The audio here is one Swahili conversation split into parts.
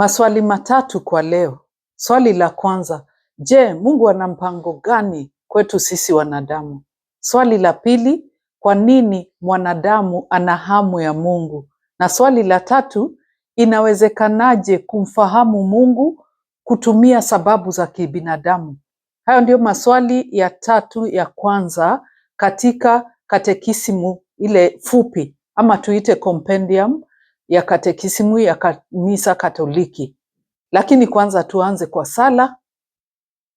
Maswali matatu kwa leo. Swali la kwanza, je, Mungu ana mpango gani kwetu sisi wanadamu? Swali la pili, kwa nini mwanadamu ana hamu ya Mungu? Na swali la tatu, inawezekanaje kumfahamu Mungu kutumia sababu za kibinadamu? Hayo ndiyo maswali ya tatu ya kwanza katika katekisimu ile fupi ama tuite compendium ya katekisimu ya kanisa Katoliki. Lakini kwanza tuanze kwa sala.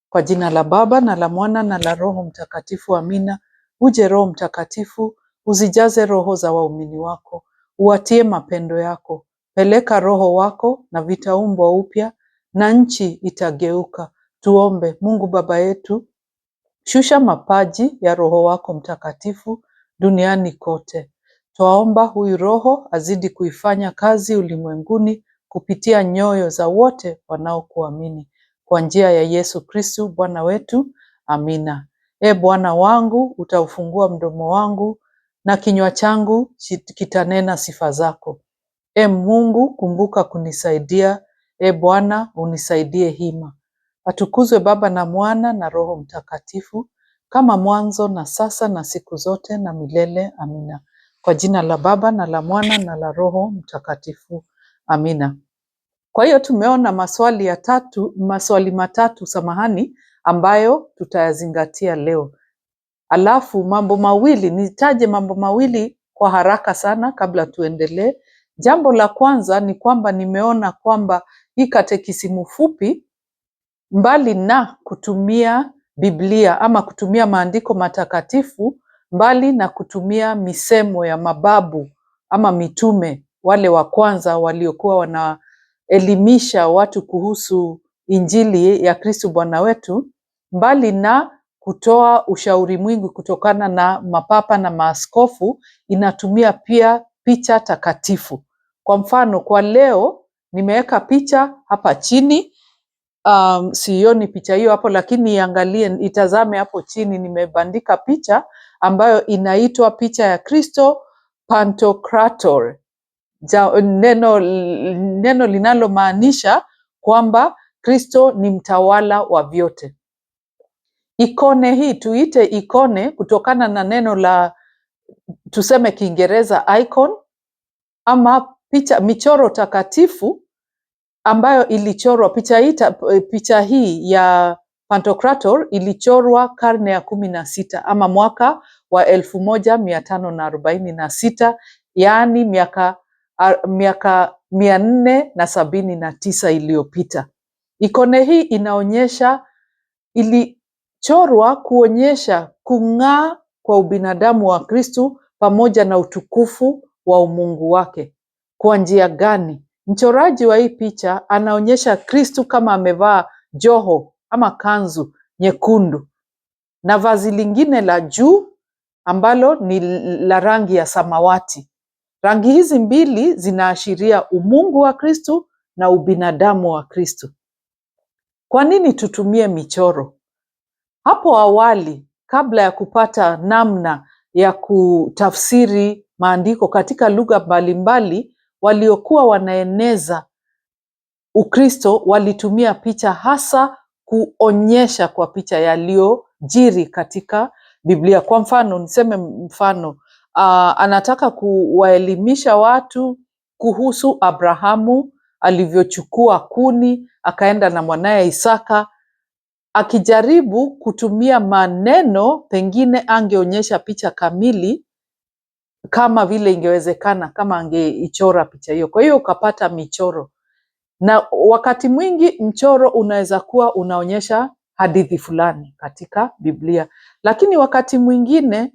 Kwa jina la Baba na la Mwana na la Roho Mtakatifu, amina. Uje Roho Mtakatifu, uzijaze roho za waumini wako, uwatie mapendo yako. Peleka Roho wako na vitaumbwa upya na nchi itageuka. Tuombe. Mungu Baba yetu, shusha mapaji ya Roho wako Mtakatifu duniani kote Twaomba huyu Roho azidi kuifanya kazi ulimwenguni kupitia nyoyo za wote wanaokuamini kwa njia ya Yesu kristu Bwana wetu. Amina. E Bwana wangu, utaufungua mdomo wangu na kinywa changu kitanena sifa zako. E Mungu, kumbuka kunisaidia. E Bwana, unisaidie hima. Atukuzwe Baba na Mwana na Roho Mtakatifu, kama mwanzo na sasa na siku zote na milele. Amina. Kwa jina la Baba na la Mwana na la Roho Mtakatifu. Amina. Kwa hiyo tumeona maswali ya tatu, maswali matatu samahani, ambayo tutayazingatia leo. Alafu mambo mawili nitaje mambo mawili kwa haraka sana kabla tuendelee. Jambo la kwanza ni kwamba nimeona kwamba hii katekisimu fupi, mbali na kutumia Biblia ama kutumia maandiko matakatifu, Mbali na kutumia misemo ya mababu ama mitume wale wa kwanza waliokuwa wanaelimisha watu kuhusu injili ya Kristo Bwana wetu, mbali na kutoa ushauri mwingi kutokana na mapapa na maaskofu, inatumia pia picha takatifu. Kwa mfano, kwa leo nimeweka picha hapa chini. Um, sioni picha hiyo hapo lakini iangalie, itazame hapo chini, nimebandika picha ambayo inaitwa picha ya Kristo Pantocrator, neno, neno linalomaanisha kwamba Kristo ni mtawala wa vyote. Ikone hii tuite ikone kutokana na neno la tuseme Kiingereza icon ama picha, michoro takatifu ambayo ilichorwa picha hii, picha hii ya Pantocrator ilichorwa karne ya kumi na sita ama mwaka wa elfu moja mia tano na arobaini na sita yaani miaka miaka mia nne na sabini na tisa iliyopita. Ikone hii inaonyesha ilichorwa kuonyesha kung'aa kwa ubinadamu wa Kristu pamoja na utukufu wa umungu wake. Kwa njia gani? Mchoraji wa hii picha anaonyesha Kristu kama amevaa joho ama kanzu nyekundu na vazi lingine la juu ambalo ni la rangi ya samawati. Rangi hizi mbili zinaashiria umungu wa Kristu na ubinadamu wa Kristu. Kwa nini tutumie michoro? Hapo awali kabla ya kupata namna ya kutafsiri maandiko katika lugha mbalimbali, waliokuwa wanaeneza Ukristo walitumia picha hasa kuonyesha kwa picha yaliyojiri katika Biblia. Kwa mfano, niseme mfano uh, anataka kuwaelimisha watu kuhusu Abrahamu alivyochukua kuni akaenda na mwanaye Isaka, akijaribu kutumia maneno, pengine angeonyesha picha kamili kama vile ingewezekana kama angeichora picha hiyo. Kwa hiyo ukapata michoro na wakati mwingi mchoro unaweza kuwa unaonyesha hadithi fulani katika Biblia, lakini wakati mwingine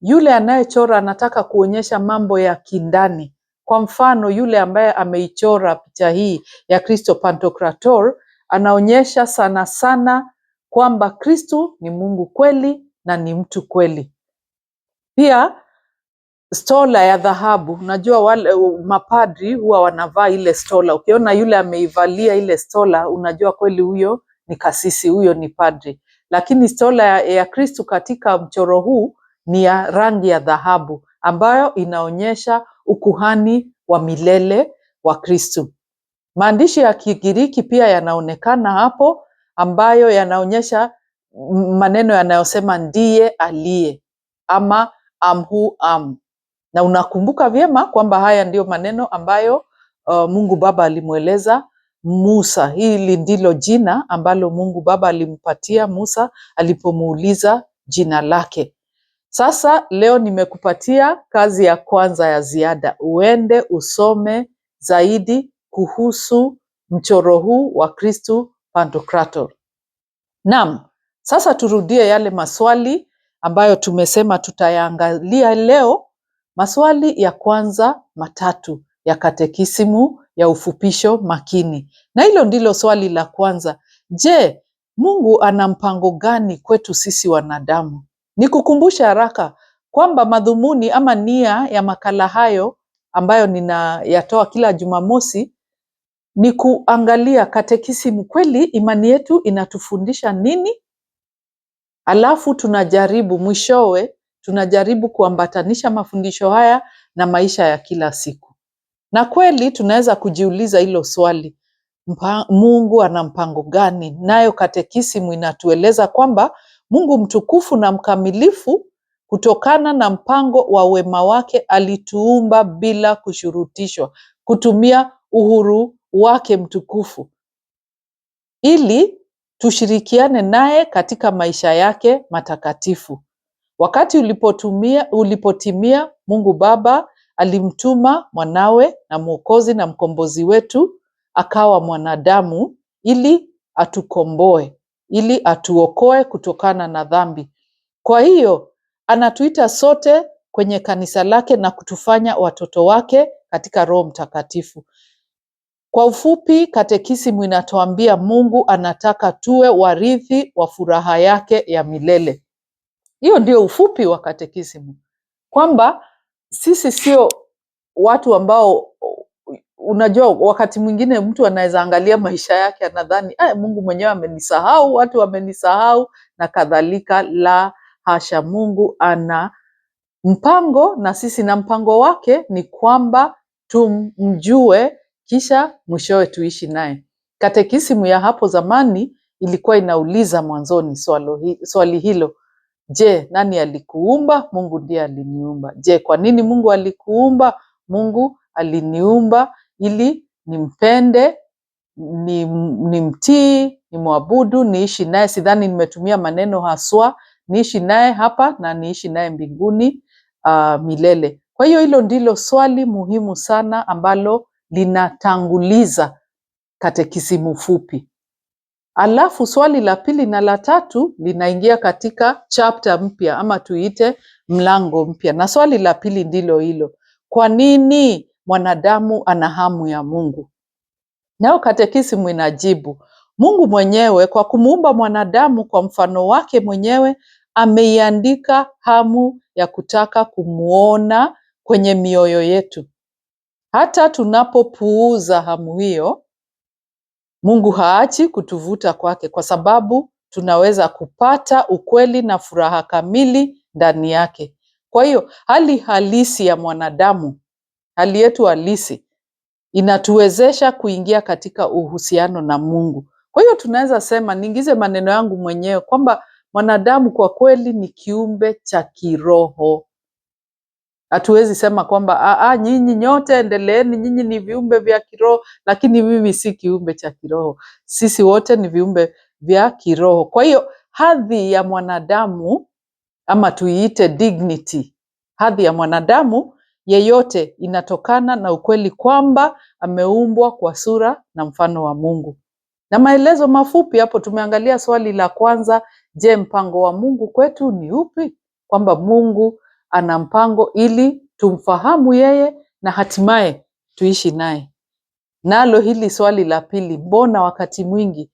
yule anayechora anataka kuonyesha mambo ya kindani. Kwa mfano, yule ambaye ameichora picha hii ya Kristo Pantokrator anaonyesha sana sana kwamba Kristu ni Mungu kweli na ni mtu kweli. Pia Stola ya dhahabu. Unajua wale mapadri huwa wanavaa ile stola. Ukiona yule ameivalia ile stola, unajua kweli huyo ni kasisi, huyo ni padri. Lakini stola ya, ya Kristu katika mchoro huu ni ya rangi ya dhahabu ambayo inaonyesha ukuhani wa milele wa Kristu. Maandishi ya Kigiriki pia yanaonekana hapo ambayo yanaonyesha maneno yanayosema ndiye aliye ama am who am na unakumbuka vyema kwamba haya ndiyo maneno ambayo uh, Mungu Baba alimweleza Musa. Hili ndilo jina ambalo Mungu Baba alimpatia Musa alipomuuliza jina lake. Sasa leo nimekupatia kazi ya kwanza ya ziada, uende usome zaidi kuhusu mchoro huu wa Kristu Pantokrator. Naam, sasa turudie yale maswali ambayo tumesema tutayaangalia leo Maswali ya kwanza matatu ya katekisimu ya ufupisho makini, na hilo ndilo swali la kwanza: Je, Mungu ana mpango gani kwetu sisi wanadamu? Nikukumbusha haraka kwamba madhumuni ama nia ya makala hayo ambayo ninayatoa kila Jumamosi ni kuangalia katekisimu, kweli imani yetu inatufundisha nini? Alafu tunajaribu mwishowe tunajaribu kuambatanisha mafundisho haya na maisha ya kila siku, na kweli tunaweza kujiuliza hilo swali mpa, Mungu ana mpango gani? Nayo katekisimu inatueleza kwamba Mungu mtukufu na mkamilifu, kutokana na mpango wa wema wake, alituumba bila kushurutishwa, kutumia uhuru wake mtukufu ili tushirikiane naye katika maisha yake matakatifu. Wakati ulipotumia, ulipotimia, Mungu Baba alimtuma mwanawe na Mwokozi na mkombozi wetu, akawa mwanadamu ili atukomboe, ili atuokoe kutokana na dhambi. Kwa hiyo anatuita sote kwenye kanisa lake na kutufanya watoto wake katika Roho Mtakatifu. Kwa ufupi, katekisimu inatuambia Mungu anataka tuwe warithi wa furaha yake ya milele. Hiyo ndio ufupi wa katekisimu, kwamba sisi sio watu ambao unajua wakati mwingine mtu anaweza angalia maisha yake anadhani eh, Mungu mwenyewe amenisahau, watu wamenisahau na kadhalika. La hasha, Mungu ana mpango na sisi, na mpango wake ni kwamba tumjue, kisha mwishowe tuishi naye. Katekisimu ya hapo zamani ilikuwa inauliza mwanzoni swali hilo Je, nani alikuumba? Mungu ndiye aliniumba. Je, kwa nini Mungu alikuumba? Mungu aliniumba ili nimpende, nimtii, nimwabudu, niishi naye. Sidhani nimetumia maneno haswa, niishi naye hapa na niishi naye mbinguni uh, milele. Kwa hiyo hilo ndilo swali muhimu sana ambalo linatanguliza katekisimu fupi. Alafu swali la pili na la tatu linaingia katika chapter mpya ama tuite mlango mpya, na swali la pili ndilo hilo, kwa nini mwanadamu ana hamu ya Mungu? Nao katekisimu inajibu, Mungu mwenyewe kwa kumuumba mwanadamu kwa mfano wake mwenyewe ameiandika hamu ya kutaka kumuona kwenye mioyo yetu. Hata tunapopuuza hamu hiyo, Mungu haachi kutuvuta kwake kwa sababu tunaweza kupata ukweli na furaha kamili ndani yake. Kwa hiyo hali halisi ya mwanadamu, hali yetu halisi inatuwezesha kuingia katika uhusiano na Mungu. Kwa hiyo tunaweza sema, niingize maneno yangu mwenyewe kwamba mwanadamu kwa kweli ni kiumbe cha kiroho. Hatuwezi sema kwamba a, ah, ah, nyinyi nyote endeleeni, nyinyi ni viumbe vya kiroho, lakini mimi si kiumbe cha kiroho. Sisi wote ni viumbe vya kiroho. Kwa hiyo hadhi ya mwanadamu ama tuiite dignity, hadhi ya mwanadamu yeyote inatokana na ukweli kwamba ameumbwa kwa sura na mfano wa Mungu. Na maelezo mafupi hapo, tumeangalia swali la kwanza, je, mpango wa Mungu kwetu ni upi? Kwamba Mungu ana mpango ili tumfahamu yeye na hatimaye tuishi naye. Nalo hili swali la pili, mbona wakati mwingi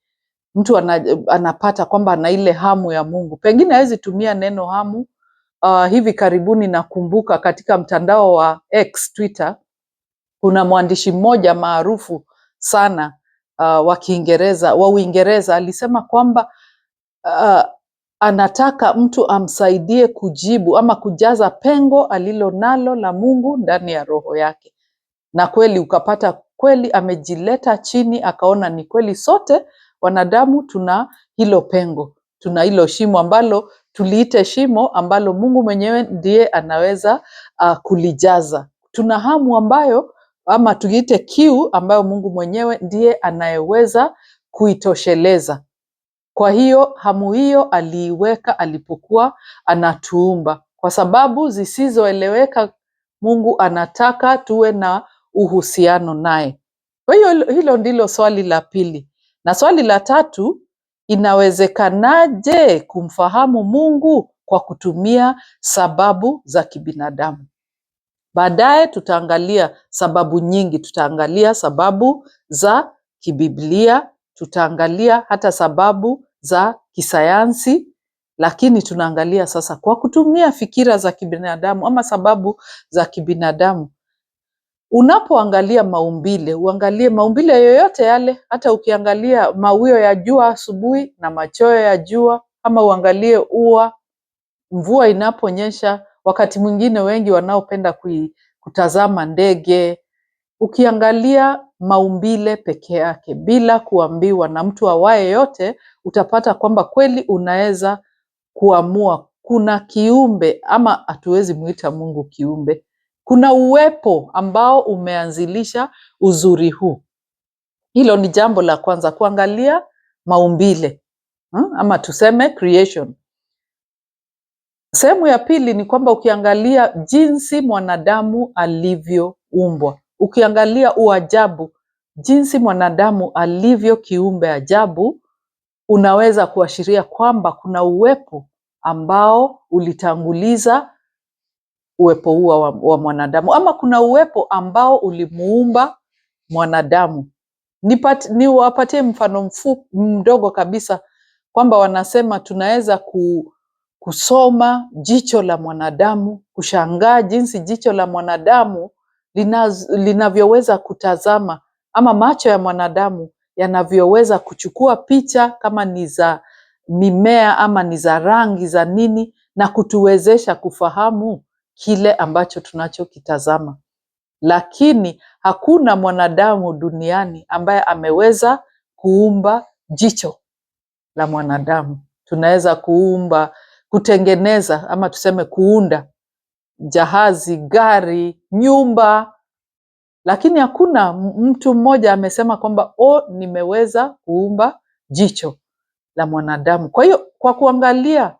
mtu anapata kwamba ana ile hamu ya Mungu, pengine hawezi tumia neno hamu. Uh, hivi karibuni nakumbuka katika mtandao wa X Twitter, kuna mwandishi mmoja maarufu sana uh, wa Kiingereza wa Uingereza alisema kwamba uh, anataka mtu amsaidie kujibu ama kujaza pengo alilo nalo la Mungu ndani ya roho yake. Na kweli ukapata kweli amejileta chini, akaona ni kweli sote wanadamu tuna hilo pengo, tuna hilo shimo ambalo tuliite shimo ambalo Mungu mwenyewe ndiye anaweza uh, kulijaza. Tuna hamu ambayo ama tuiite kiu ambayo Mungu mwenyewe ndiye anayeweza kuitosheleza. Kwa hiyo hamu hiyo aliiweka alipokuwa anatuumba, kwa sababu zisizoeleweka Mungu anataka tuwe na uhusiano naye. Kwa hiyo hilo ndilo swali la pili, na swali la tatu, inawezekanaje kumfahamu Mungu kwa kutumia sababu za kibinadamu? Baadaye tutaangalia sababu nyingi, tutaangalia sababu za kibiblia, tutaangalia hata sababu za kisayansi, lakini tunaangalia sasa kwa kutumia fikira za kibinadamu ama sababu za kibinadamu. Unapoangalia maumbile, uangalie maumbile yoyote yale, hata ukiangalia mawio ya jua asubuhi na machweo ya jua, ama uangalie ua, mvua inaponyesha. Wakati mwingine wengi wanaopenda kutazama ndege, ukiangalia maumbile peke yake bila kuambiwa na mtu awaye yote, utapata kwamba kweli unaweza kuamua kuna kiumbe ama hatuwezi mwita Mungu kiumbe, kuna uwepo ambao umeanzilisha uzuri huu. Hilo ni jambo la kwanza, kuangalia maumbile hmm, ama tuseme creation. Sehemu ya pili ni kwamba ukiangalia jinsi mwanadamu alivyoumbwa, ukiangalia uajabu, jinsi mwanadamu alivyo kiumbe ajabu, unaweza kuashiria kwamba kuna uwepo ambao ulitanguliza uwepo huo wa, wa mwanadamu ama kuna uwepo ambao ulimuumba mwanadamu. Niwapatie ni mfano mfu, mdogo kabisa kwamba wanasema tunaweza ku, kusoma jicho la mwanadamu, kushangaa jinsi jicho la mwanadamu linavyoweza kutazama ama macho ya mwanadamu yanavyoweza kuchukua picha kama ni za mimea ama ni za rangi za nini, na kutuwezesha kufahamu kile ambacho tunachokitazama. Lakini hakuna mwanadamu duniani ambaye ameweza kuumba jicho la mwanadamu. Tunaweza kuumba, kutengeneza ama tuseme kuunda jahazi, gari, nyumba, lakini hakuna mtu mmoja amesema kwamba o, nimeweza kuumba jicho la mwanadamu. Kwa hiyo kwa kuangalia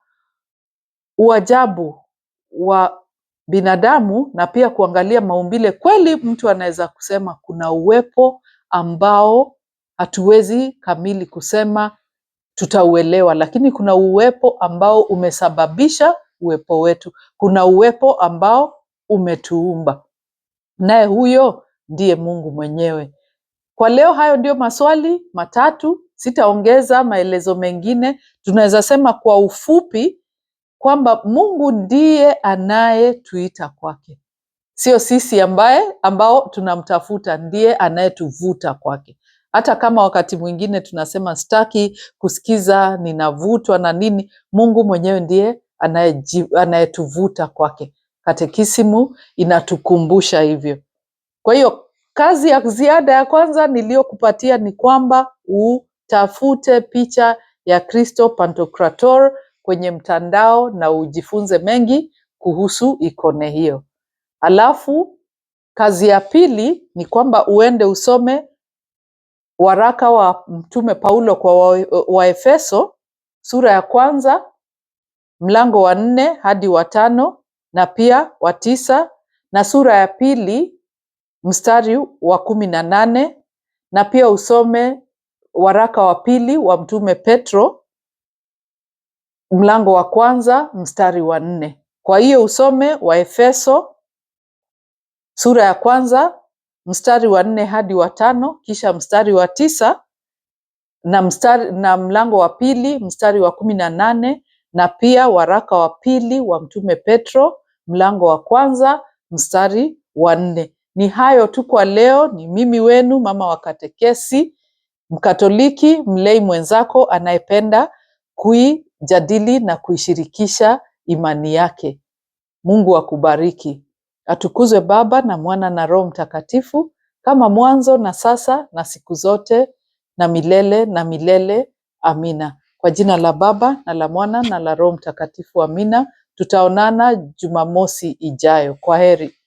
uajabu wa binadamu na pia kuangalia maumbile, kweli mtu anaweza kusema kuna uwepo ambao hatuwezi kamili kusema tutauelewa, lakini kuna uwepo ambao umesababisha uwepo wetu, kuna uwepo ambao umetuumba, naye huyo ndiye Mungu mwenyewe. Kwa leo, hayo ndio maswali matatu. Sitaongeza maelezo mengine. Tunaweza sema kwa ufupi kwamba Mungu ndiye anayetuita kwake, sio sisi ambaye ambao tunamtafuta. Ndiye anayetuvuta kwake, hata kama wakati mwingine tunasema sitaki kusikiza, ninavutwa na nini. Mungu mwenyewe ndiye anayetuvuta kwake. Katekisimu inatukumbusha hivyo. Kwa hiyo kazi ya ziada ya kwanza niliyokupatia ni kwamba utafute picha ya Kristo Pantokrator kwenye mtandao na ujifunze mengi kuhusu ikone hiyo. Alafu kazi ya pili ni kwamba uende usome waraka wa Mtume Paulo kwa Waefeso sura ya kwanza mlango wa nne hadi wa tano na pia wa tisa na sura ya pili mstari wa kumi na nane na pia usome waraka wa pili wa Mtume Petro mlango wa kwanza mstari wa nne. Kwa hiyo usome wa Efeso sura ya kwanza mstari wa nne hadi wa tano kisha mstari wa tisa na mstari, na mlango wa pili mstari wa kumi na nane na pia waraka wa pili wa Mtume Petro mlango wa kwanza mstari wa nne. Ni hayo tu kwa leo. Ni mimi wenu mama wa katekesi, Mkatoliki, mlei mwenzako anayependa kuijadili na kuishirikisha imani yake. Mungu akubariki. Atukuzwe Baba na Mwana na Roho Mtakatifu, kama mwanzo na sasa na siku zote na milele na milele. Amina. Kwa jina la Baba na la Mwana na la Roho Mtakatifu. Amina. Tutaonana Jumamosi ijayo. Kwa heri.